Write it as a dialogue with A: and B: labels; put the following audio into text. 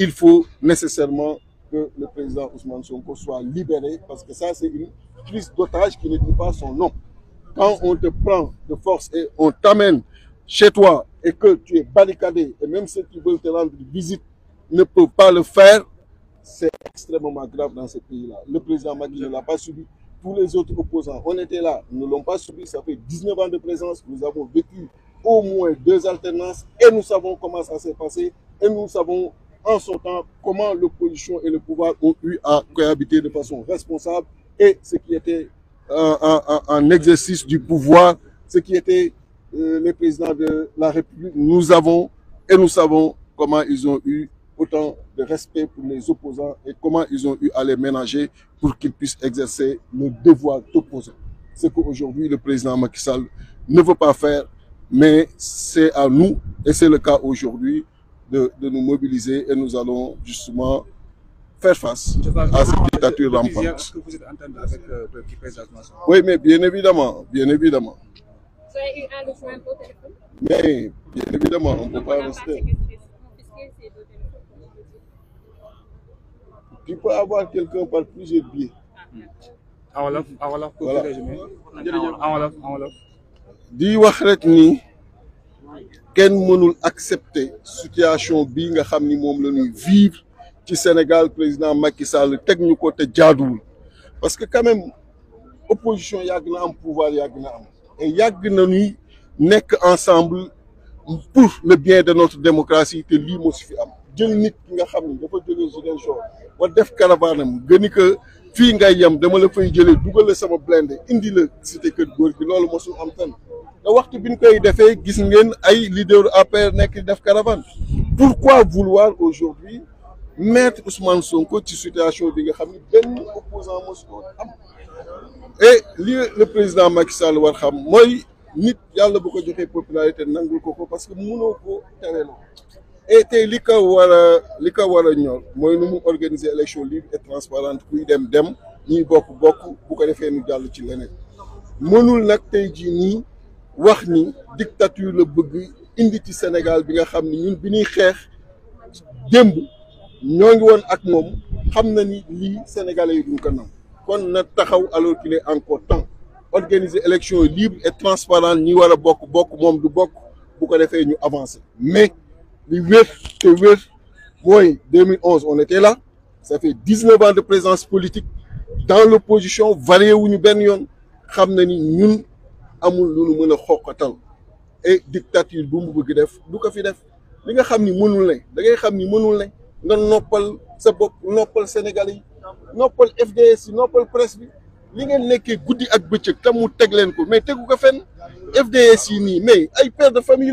A: il faut nécessairement que le président Ousmane Sonko soit libéré parce que ça, c'est une prise d'otage qui ne dit pas son nom. Quand on te prend de force et on t'amène chez toi et que tu es barricadé et même ceux qui veulent te rendre visite ne peuvent pas le faire, c'est extrêmement grave dans ce pays-là. Le président Magui ne l'a pas subi. Tous les autres opposants, on était là, ne l'ont pas subi. Ça fait 19 ans de présence. Nous avons vécu au moins deux alternances et nous savons comment ça s'est passé et nous savons en sortant, temps comment l'opposition et le pouvoir ont eu à cohabiter de façon responsable et ce qui était un, euh, exercice du pouvoir, ce qui était euh, le président de la République. Nous avons et nous savons comment ils ont eu autant de respect pour les opposants et comment ils ont eu à les ménager pour qu'ils puissent exercer nos devoirs d'opposants. Ce qu'aujourd'hui le président Macky Sall ne veut pas faire, mais c'est à nous, et c'est le cas aujourd'hui, de, de, nous mobiliser et nous allons justement faire face à cette dictature rampante. Oui, mais bien évidemment, bien évidemment. Mais bien évidemment, on ne peut pas rester. Tu peux avoir quelqu'un par plusieurs biais. Di wax rek ni Ken mënul accepter situation bi nga xamni mom vivre ci Sénégal président Macky Sall parce que quand même opposition est am pouvoir et nous na ensemble pour le bien de notre démocratie te fi am jël nit ki nga xamni Nous def que fii ngay yem dama la fay jëlee dugal la sama blindé indi la cité kër góor gi loolu mosul am tan te waxtu bi koy defee gis ngeen ay leader APR nekk def caravane pourquoi vouloir aujourd'hui mettre Ousmane Sonko ci situation bi nga xam ne benn opposant mosul ko am et li le président Macky Sall war xam mooy nit yàlla bu ko joxee popularité nangul ko ko parce que mënoo ko tereloo été lika wala lika war a li ko mu organiser élection libre et transparente kuy dem dem ñuy bokk bokk bu ko defee nu jàll ci leneen mënul nak tey jii wax ni dictature la bëgg indi ci Sénégal bi nga xamni ñun bi ni xeex demb ñongi ngi ak mom xamna ni li sénégalais yi duñ ko nam kon na taxaw alors qu'il est encore temps organiser élection libre et transparente ñi wala a bokk bokk moom du bokk bu ko défé ñu avancer mais le 8 février 2011 on était là ça fait 19 ans de présence politique dans l'opposition varié wuñu benn yoon xam ni ñun amul et dictature bu Gedef, douka def du ko fi def li nga xam ni mënul ne da Sénégalais FDS Nopal, noppal presse bi li ngeen nekkee ak mais tegu ko fenn FDS ni, mais ay père de famille